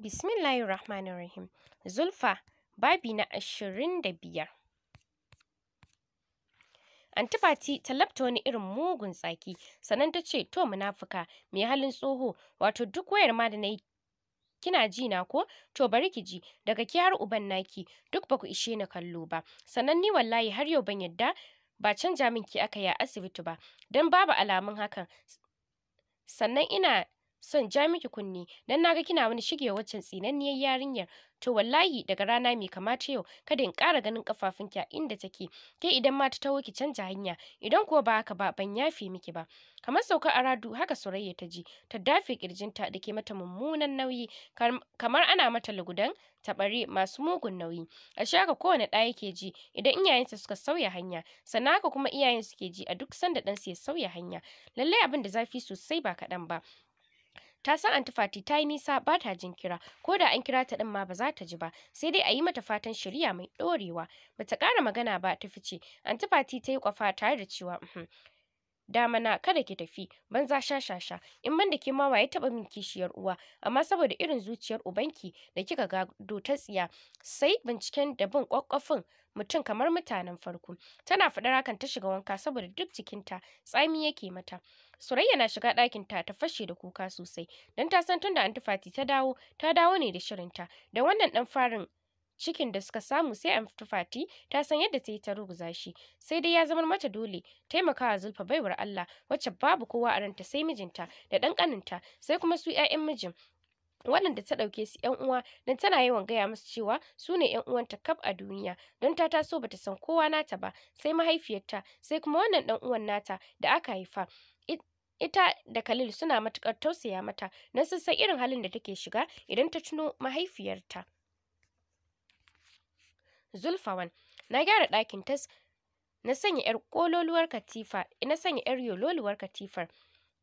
bismillahi Bismillahirrahmanirrahim. Zulfa babi na ashirin da biyar. Antifati ta labta wani irin mugun tsaki sannan ta ce to munafuka mai halin tsoho wato duk wayar ma da na yi kina ji na ko to bari ki ji daga ki har uban naki duk ba ku ishe ni kallo ba sannan ni wallahi har yau ban yadda ba canja min ki aka yi a asibiti ba dan babu alamun hakan sannan ina son ja miki kunne dan naga kina wani shige waccan tsinanniyar yarinyar to wallahi daga rana mai kamata yau kada in ƙara ganin kafafunki a inda take ke idan ma ta taho ki canja hanya idan kuwa ba haka ba ban yafe miki ba kamar sauka aradu, radu haka Surayya ta ji ta dafe kirjinta da ke mata mummunan nauyi kamar ana mata lugudan taɓare masu mugun nauyi a shaka kowane ɗa yake ji idan iyayensa suka sauya hanya sannan kuma iyayen suke ji a duk sanda ɗansu ya sauya hanya lallai abin da zafi sosai ba kaɗan ba ta san antifati ta yi nisa ba ta jin kira ko da an kira ta din ma ba za ta ji ba sai dai a yi mata fatan shirya mai dorewa ta ƙara magana ba ta fice antifati ta yi kwafa tare da cewa uhm, damana kada ki tafi banza shashasha in ban da ke ma waye taba min kishiyar uwa amma saboda irin zuciyar ubanki da kika gado ta tsiya sai binciken da bin kwakwafin mutum kamar mutanen farko tana faɗar hakan ta shiga wanka saboda duk jikinta tsami yake mata Surayya na shiga ɗakin ta ta fashe da kuka sosai don ta san tunda Antifati ta dawo ta dawo ne da shirinta da wannan dan farin cikin da suka samu sai amfatu fati ta san yadda ta yi ta ruguza shi sai dai ya zama mata dole taimakawa zulfa baiwar Allah wacce babu kowa a ranta sai mijinta da ɗan kaninta sai kuma su 'ya'yan mijin waɗanda ta ɗauke su ‘yan uwa don tana yawan gaya musu cewa su ne ‘yan uwanta kaf a duniya don ta taso bata san kowa nata ba sai mahaifiyarta sai kuma wannan ɗan uwan nata da aka haifa ita da Khalil suna matuƙar tausaya mata na sun san irin halin da take shiga idan ta tuno mahaifiyarta zulfawan na gyara ɗakin tas na sanya yar kololuwar katifa na sanya yar yololuwar katifar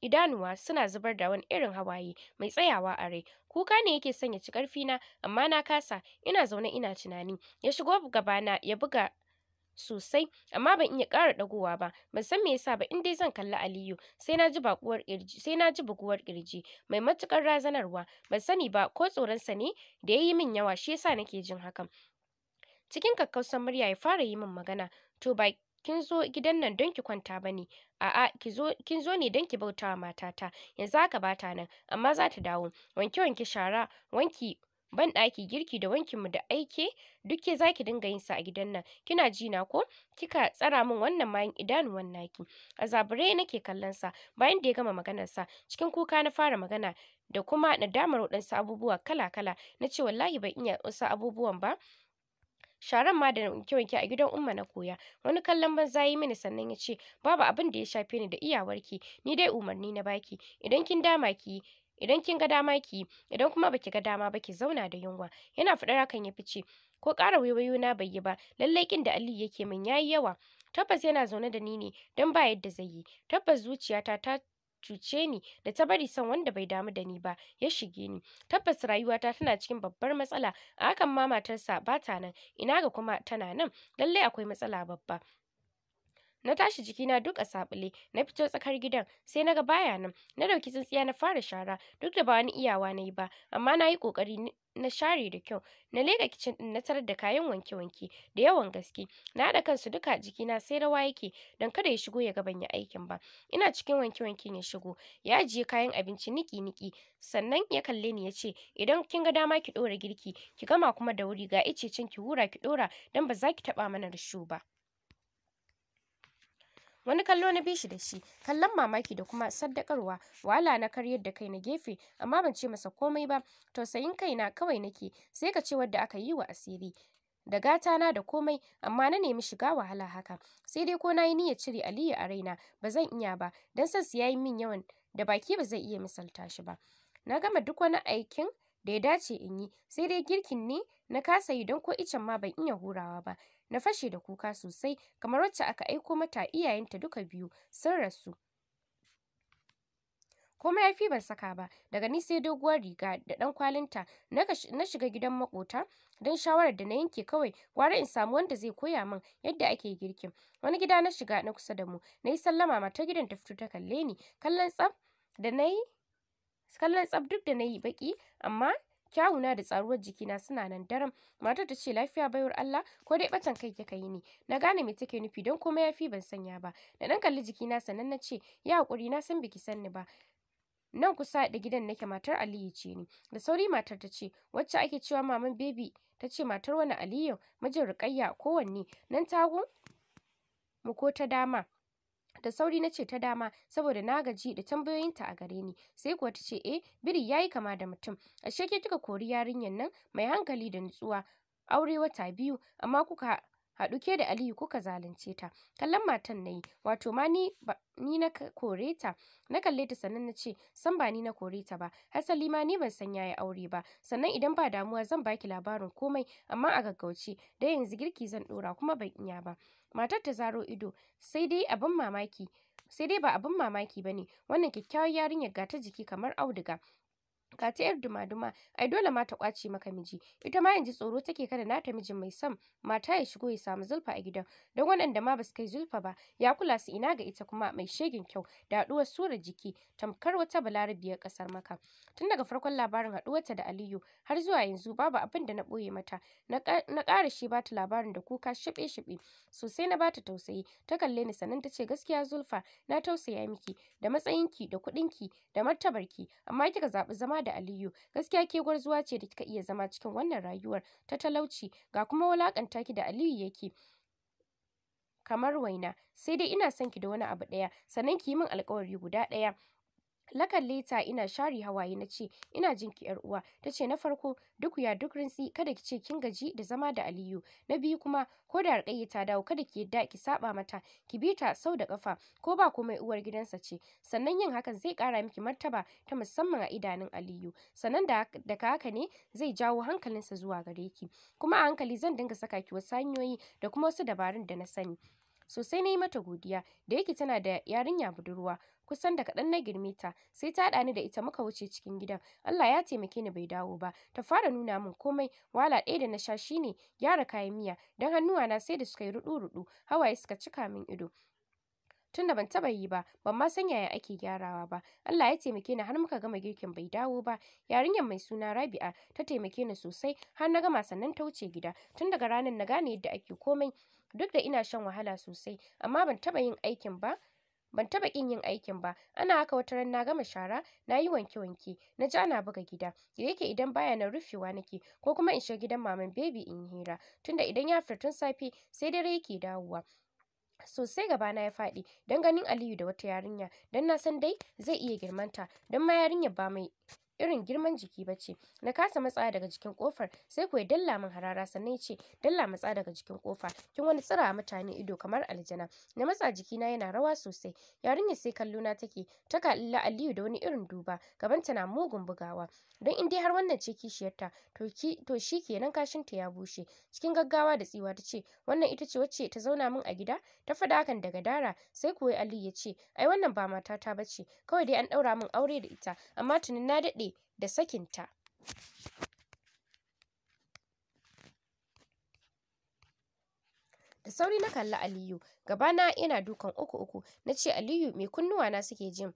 idanuwa suna zubar da wani irin hawaye mai tsayawa a rai kuka ne yake sanya ci karfi na amma na kasa ina zaune ina tunani ya shigo gabana ya buga sosai amma ban iya ƙara ɗagowa ba ban san me yasa ba in dai zan kalli Aliyu sai na ji baƙuwar ƙirji sai na ji buguwar ƙirji mai matukar razanarwa ban sani ba ko tsoron ne da yayi min yawa shi yasa nake jin hakan cikin kakkausan murya ya fara yi min magana to ba kin zo gidan nan don ki kwanta ba ne a'a kin zo ne don ki bauta wa matata yanzu haka ba ta nan amma za ta dawo wanke wanke shara wanki banɗaki girki da wankin mu da aike duk ke zaki dinga yin sa a gidan nan kina jina ko kika tsara min wannan mayin idanuwan naki a zabure nake kallon sa bayan da ya gama maganar sa cikin kuka na fara magana da kuma nadamar waɗansu abubuwa kala kala na ce wallahi ban iya wasu abubuwan ba sharan ma da wanke-wanke a gidan umma na koya wani kallon banza yi mini sannan ya ce babu abin da ya shafe ni da iyawarki ni dai umarni na baki idan kin dama ki idan kin ga dama ki idan kuma baki ga dama ba ki zauna da yunwa yana faɗar hakan ya fice ko ƙara wayoyi na bai yi ba lallai kin da Aliyu yake min yayi yawa tabbas yana zaune da ni ne don ba yadda zai yi tabbas zuciyata ta cuce ni da ta bari son wanda bai damu da ni ba ya shige ni tabbas rayuwata tana cikin babbar matsala a hakan ma matarsa ba ta nan ina ga kuma tana nan lallai akwai matsala babba na tashi jikina duk a sabule na fito tsakar gidan sai naga baya nan na ɗauki tsintsiya na fara shara duk da ba wani iyawa na yi ba amma na yi kokari na share da kyau na leka kicin ɗin na tarar da kayan wanke-wanke da yawan gaske na haɗa kansu duka jiki na sai rawa yake don kada ya shigo ya ga ban ya aikin ba ina cikin wanke-wanken ya shigo ya ajiye kayan abinci niki-niki sannan ya kalle ni ya ce idan kin ga dama ki ɗora girki ki gama kuma da wuri ga icecin ki hura ki ɗora don ba za ki taɓa mana rushu ba wani kallo na bishi da shi kallon mamaki da kuma saddakarwa wahala na karyar da kai na gefe amma ban ce masa komai ba tausayin kaina kawai nake sai ka ce wadda aka yi wa asiri da na da komai amma na nemi shiga wahala haka sai dai ko na yi niyyar cire aliyu a raina ba zan iya ba don sas ya yi min yawan da baki ba zai iya misalta shi ba na gama duk wani aikin da ya dace in yi sai dai girkin ne Na kasa yi don ko icen ma ban iya hurawa ba. Na fashe da kuka sosai kamar wacce aka aiko mata iyayenta duka biyu sun rasu. ko mayafi ban saka ba daga ni sai doguwar riga da dan kwalinta na shiga gidan makota don shawarar da na yanke kawai gwara in samu wanda zai koya min yadda ake girkin wani gida na shiga na kusa da mu na yi sallama mata gidan ta fito ta kalle ni kallon tsaf duk da na yi baki amma kyawuna da tsaruwar jikina suna nan daram matar ta ce lafiya baiwar Allah ko dai batan kai kika yi ni? na gane me take nufi don komai yafi ban sanya ba da dan kalli jikina sannan na ce ya hakuri na san biki sanni ba nan kusa da gidan nake matar Aliyu ce ni da sauri matar ta ce wacce ake cewa maman baby ta ce matar wani Aliyu mijin Rukayya kowanne nan tagu mu ko ta dama da sauri na ce ta dama saboda na gaji da tambayoyinta a gare ni sai kuwa ta ce eh biri yayi kama da mutum ashe ke kika kori yarinyar nan mai hankali da nutsuwa aure wata biyu amma kuka aɗuke duke da Aliyu kuka zalunce ta kallon matan nayi wato ma ni ba ni na kore ta na kalle ta sannan na ce san ba ni na kore ta ba hasali ma ni ban san yayi aure ba sannan idan ba damuwa zan baki labarin komai amma a gaggauce da yanzu girki zan dora kuma ban iya ba matar ta zaro ido sai dai abin mamaki sai dai ba abin mamaki ba ne wannan kyakkyawar yarinyar ga ta jiki kamar auduga ka ta yar duma-duma ai dole ma ta kwace maka miji ita ma yanzu tsoro take kada na ta miji mai sam mata ya shigo ya samu zulfa a gidan don waɗanda ma basu kai zulfa ba ya kula su ina ga ita kuma mai shegin kyau da haɗuwar sura jiki tamkar wata balarabiyar ƙasar maka tun daga farkon labarin haɗuwarta da aliyu har zuwa yanzu babu abin da na ɓoye mata na kara shi ba ta labarin da kuka shiɓe-shiɓe sosai na bata tausayi ta kalle ni sannan ta ce gaskiya zulfa na tausaya miki da matsayinki da ki da ki amma kika zaɓi zama da Aliyu gaskiya ke gwarzuwa ce da kika iya zama cikin wannan rayuwar ta talauci ga kuma walakanta ki da Aliyu yake kamar waina sai dai ina son ki da wani abu ɗaya sannan ki yi min alƙawari guda ɗaya lakan leta ina share hawaye na ce, Ina jin ki uwa. Ta ce, Na farko, duk ya duk rintsi, kada ki ce kin gaji da zama da Aliyu. Na biyu kuma, ko da alƙayi ta dawo, kada ki yadda ki saba mata, ki bi ta sau da ƙafa ko ba komai uwar gidansa ce. Sannan yin hakan zai kara miki martaba ta musamman a idanun Aliyu. Sannan da ka haka ne zai jawo hankalinsa zuwa gare ki. Kuma a hankali zan dinga saka ki wasu hanyoyi da kuma wasu dabarun da na sani. sosai na yi mata godiya da yake tana da yarinya budurwa kusan da kaɗan na girme ta sai ta haɗa ni da ita muka wuce cikin gidan Allah ya taimake ni bai dawo ba ta fara nuna min komai wala ɗaya da na sha shine gyara kayan miya don na sai da suka yi ruɗu-ruɗu hawaye suka cika min ido tunda ban taba yi ba ban ma san yaya ake gyarawa ba Allah ya taimake ni har muka gama girkin bai dawo ba yarinyar mai suna Rabi'a ta taimake ni sosai har na gama sannan ta wuce gida tun daga ranar na gane yadda ake komai duk da ina shan wahala sosai amma ban taba yin aikin ba ban taba kin yin aikin ba ana haka wata ran na gama shara na yi wanke wanke na ji ana buga gida da yake idan baya na rufewa nake ko kuma in shiga gidan maman baby in yi hira tunda idan ya fita tun safe sai dare yake dawowa sosai gabana ya faɗi don ganin Aliyu da wata yarinya don na san dai zai iya girmanta don ma yarinya ba mai irin girman jiki ba ce na kasa matsa daga jikin kofar sai kuwa dalla min harara sannan ya ce dalla matsa daga jikin kofa kin wani tsira mutane ido kamar aljana na matsa jiki na yana rawa sosai Yarinya sai kallo na take ta kalli Aliyu da wani irin duba gabanta na mugun bugawa don in dai har wannan ce kishiyarta to ki to kashin ta ya bushe cikin gaggawa da tsiwa ta ce wannan ita ce wacce ta zauna min a gida ta faɗa hakan daga dara sai kuwa Aliyu ya ce ai wannan ba matata ba ce. kawai dai an daura min aure da ita amma tunin na dade. da sakinta. da sauri na kalli Aliyu gabana ina dukan uku uku na ce Aliyu mai kunnuwa na suke jin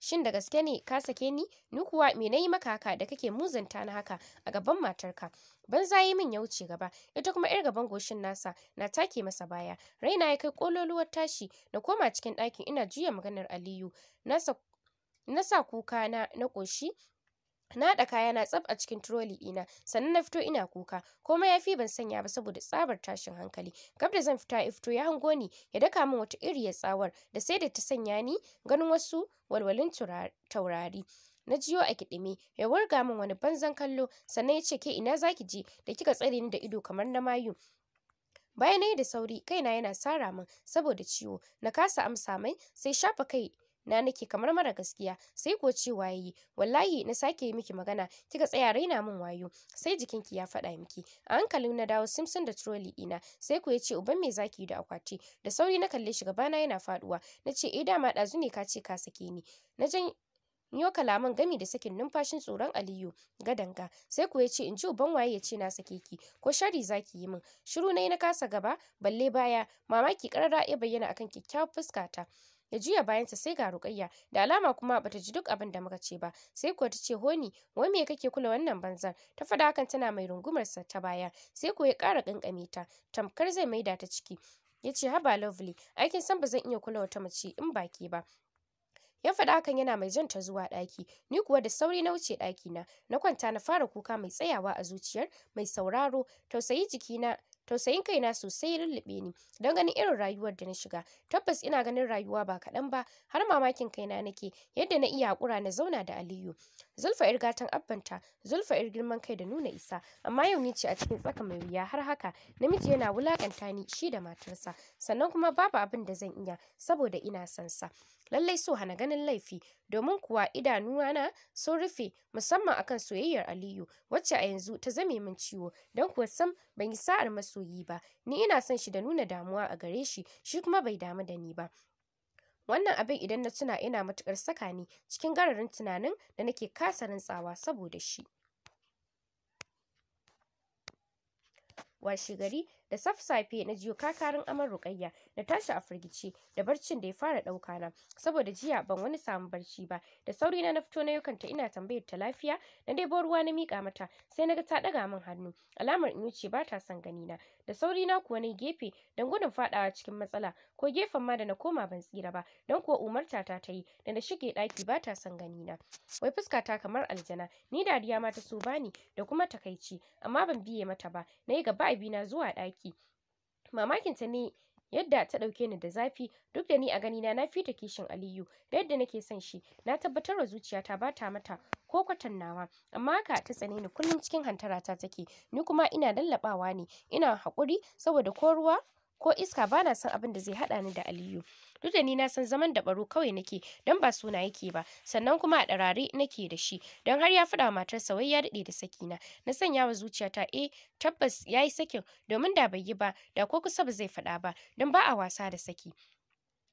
shin da gaske ne ka sake ni ni kuwa me nayi maka haka da kake muzanta na haka a gaban matarka banza yi min ya wuce gaba ita kuma yar gaban goshin nasa na take masa baya raina ya kai ƙololuwar tashi na koma cikin ɗakin ina juya maganar Aliyu nasa na kuka na na ƙoshi na haɗa kayana tsaf a cikin troli ɗina sannan na fito ina kuka komai ya fi ban sanya ba saboda tsabar tashin hankali gab da zan fita ifto ya hango ni ya daka min wata iri ya tsawar da sai da ta sanya ni ganin wasu walwalin taurari na jiyo a kiɗime ya wurga min wani banzan kallo sannan ya ce ke ina zaki je da kika tsare ni da ido kamar na mayu bayan na yi da sauri kaina yana sara min saboda ciwo na kasa amsa mai sai shafa kai na nake kamar mara gaskiya sai ko ya yi wallahi na sake yi miki magana kika tsaya raina min wayo sai jikinki ya faɗa miki a hankalin na dawo simsim da trolley ɗina sai ko yace uban me zaki da akwati da sauri na kalle shi gabana yana faɗuwa ce eh dama ɗazu ne ka ce ka sake ni na jan yo kalaman gami da sakin numfashin tsoron Aliyu ga danga sai ku yace in ji uban waye ya ce na sake ki ko shari zaki yi min shiru nayi na kasa gaba balle baya mamaki karara ya bayyana akan kyakkyawar fuskata ya juya bayansa sai ga Rukayya da alama kuma bata ji duk abin da muka ce ba sai kuwa ta ce honi wai me kake kula wannan banzar ta fada hakan tana mai rungumar sa ta baya sai kuwa ya kara kankane ta tamkar zai maida ta ciki ya ce haba lovely aikin san ba zan iya kula wata mace in baki ba ya faɗa hakan yana mai ta zuwa ɗaki ni kuwa da sauri na wuce ɗakina na kwanta na fara kuka mai tsayawa a zuciyar mai sauraro tausayi jikina tausayin kaina sosai ya lullube ni don ganin irin rayuwar da na shiga tabbas ina ganin rayuwa ba kaɗan ba har mamakin kaina nake yadda na iya haƙura na zauna da aliyu zulfa yar gatan abbanta zulfa yar girman kai da nuna isa amma yau ni ce a cikin tsaka mai wuya har haka namiji yana wulakanta ni shi da matarsa sannan kuma babu abin da zan iya saboda ina son sa lallai so hana ganin laifi domin kuwa na sun rufe musamman akan soyayyar Aliyu wacce a yanzu ta zame min ciwo don kuwa sam ban yi sa'ar masoyi ba ni ina son shi da nuna damuwa a gare shi shi kuma bai damu da ni ba wannan abin idan na tuna ina matukar saka ni cikin gararin tunanin da nake kasa rantsawa saboda shi washe gari da safsafe na jiyo kakarin amar rukayya na tashi a firgice da barcin da ya fara ɗauka na saboda jiya ban wani samu barci ba da sauri na fito na yukanta ina tambayar ta lafiya na dai debo ruwa na mika mata sai na ga ta daga min hannu alamar in wuce ba ta son gani na da sauri na kuwa na gefe don gudun faɗawa cikin matsala ko gefen ma da na koma ban tsira ba don kuwa umarta ta ta yi da na shige ɗaki ba ta son gani na wai fuska ta kamar aljana ni dariya ma ta so bani da kuma takaici amma ban biye mata ba na yi gaba abina zuwa ɗaki zafi. mamakin ta ne yadda ta ɗauke ni da zafi duk da ni a ganina na fita kishin Aliyu da yadda nake son shi na tabbatar wa zuciyata ba ta mata ko kwatan kwatannawa amma haka ta tsane ni kullum cikin hantarata take ni kuma ina lallaɓawa ne ina haƙuri saboda ko ruwa ko iska bana son abin da zai haɗa ni da aliyu duk da ni na san zaman da baro kawai nake dan ba suna yake ba sannan kuma a ɗarare nake da shi don har ya faɗa sa wai ya daɗe da sakina na sanya wa zuciyata eh tabbas ya yi sakin domin da bai yi ba da ko kusa ba zai faɗa ba don ba a wasa da saki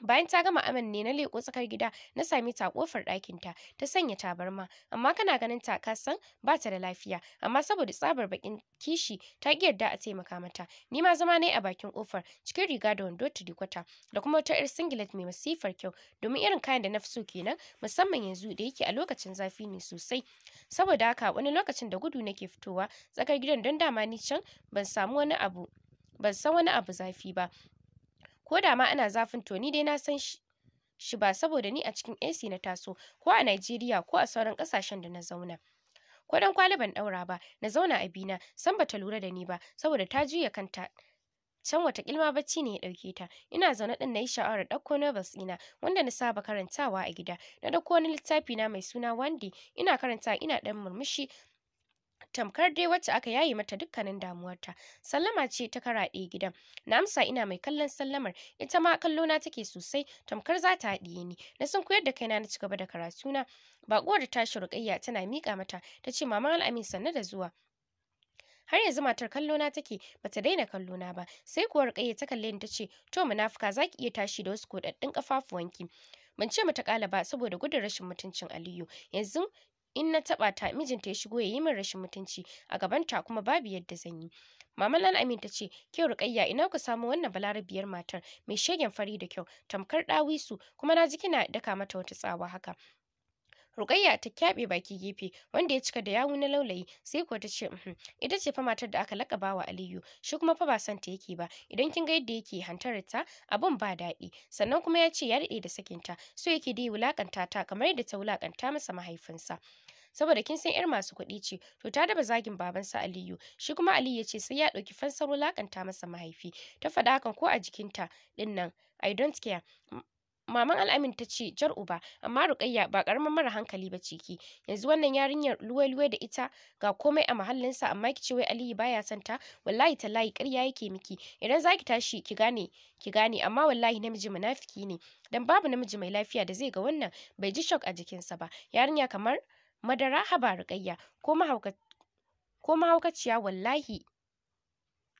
Bayan ta gama aman ne na leƙo tsakar gida na sami ta kofar ɗakinta ta sanya tabarma amma kana ganin ta ka san ba ta da lafiya amma saboda tsabar bakin kishi ta ƙi yarda a taimaka mata ni ma zama nayi a bakin kofar cikin riga da wando ta dikwata da kuma wata yar singlet mai masifar kyau domin irin kayan da na fi so kenan musamman yanzu da yake a lokacin zafi ne sosai saboda haka wani lokacin da gudu nake fitowa tsakar gidan don dama ni can ban samu wani abu ban san wani abu zafi ba ko da ma ana zafin to ni dai na san shi shi ba saboda ni a cikin AC na taso ko a Najeriya ko a sauran kasashen da na zauna. Ko dan kwali ban ɗaura ba, na zauna a bina, san bata lura da ni ba saboda ta juya kanta can wata kilma bacci ne ya dauke ta ina zaune ɗin nayi yi sha'awar ɗauko novels ina wanda na saba karantawa a gida na dauko wani littafi na mai suna Wandy ina karantawa ina dan murmushi tamkar dai wacce aka yayi mata dukkanin damuwarta sallama ce ta karaɗe gidan na amsa ina mai kallon sallamar ita ma kallona take sosai tamkar za ta haɗiye ni na sun koyar da kaina na ci gaba da karatuna baƙuwar da tashi ruƙayya tana miƙa mata ta ce mama al'amin sannu da zuwa har yanzu matar kallona take bata daina kallona ba sai kuwa ruƙayya ta kalle ni ta ce. to munafuka zaki iya tashi da wasu kodaddun kafafuwanki Mun ce mata kala ba saboda gudun rashin mutuncin Aliyu yanzu in na taɓa ta mijinta ya shigo ya yi min rashin mutunci a gabanta kuma babu yadda zan yi mama lal amin ta ce ke Rukayya, ina ku samu wannan balarabiyar matar mai shegen fari da kyau tamkar ɗawisu kuma na ji kina daka mata wata tsawa haka Rukayya ta kyabe baki gefe wanda ya cika da yawu na laulayi sai kuwa ta ce uhm, ita ce fa matar da aka lakaba wa Aliyu shi kuma fa ba son ta yake ba idan kin ga yadda yake hantarar ta abun ba daɗi sannan kuma ya ce ya daɗe da sakin ta so yake da wulakanta ta kamar yadda ta wulakanta masa mahaifinsa. saboda kin san 'yar masu kuɗi ce to ta daba zagin babansa Aliyu shi kuma Aliyu ya ce sai ya ɗauki fansar wulakanta masa mahaifi ta faɗa hakan ko a jikinta ɗin nan I don't care maman al'amin ta ce jar uba amma rukayya ba karamar mara hankali ba ce ki yanzu wannan yarinyar luwai-luwai da ita ga komai a mahallinsa amma ki ce wai aliyu baya son ta wallahi tallahi ƙarya yake miki idan zaki tashi ki gane ki gane amma wallahi namiji munafiki ne dan babu namiji mai lafiya da zai ga wannan bai ji shock a jikinsa ba yarinya kamar madara haba rukayya ko mahauka ko mahaukaciya wallahi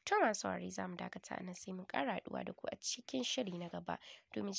to masu za dakata nan sai mun kara haɗuwa da ku a cikin shiri na gaba domin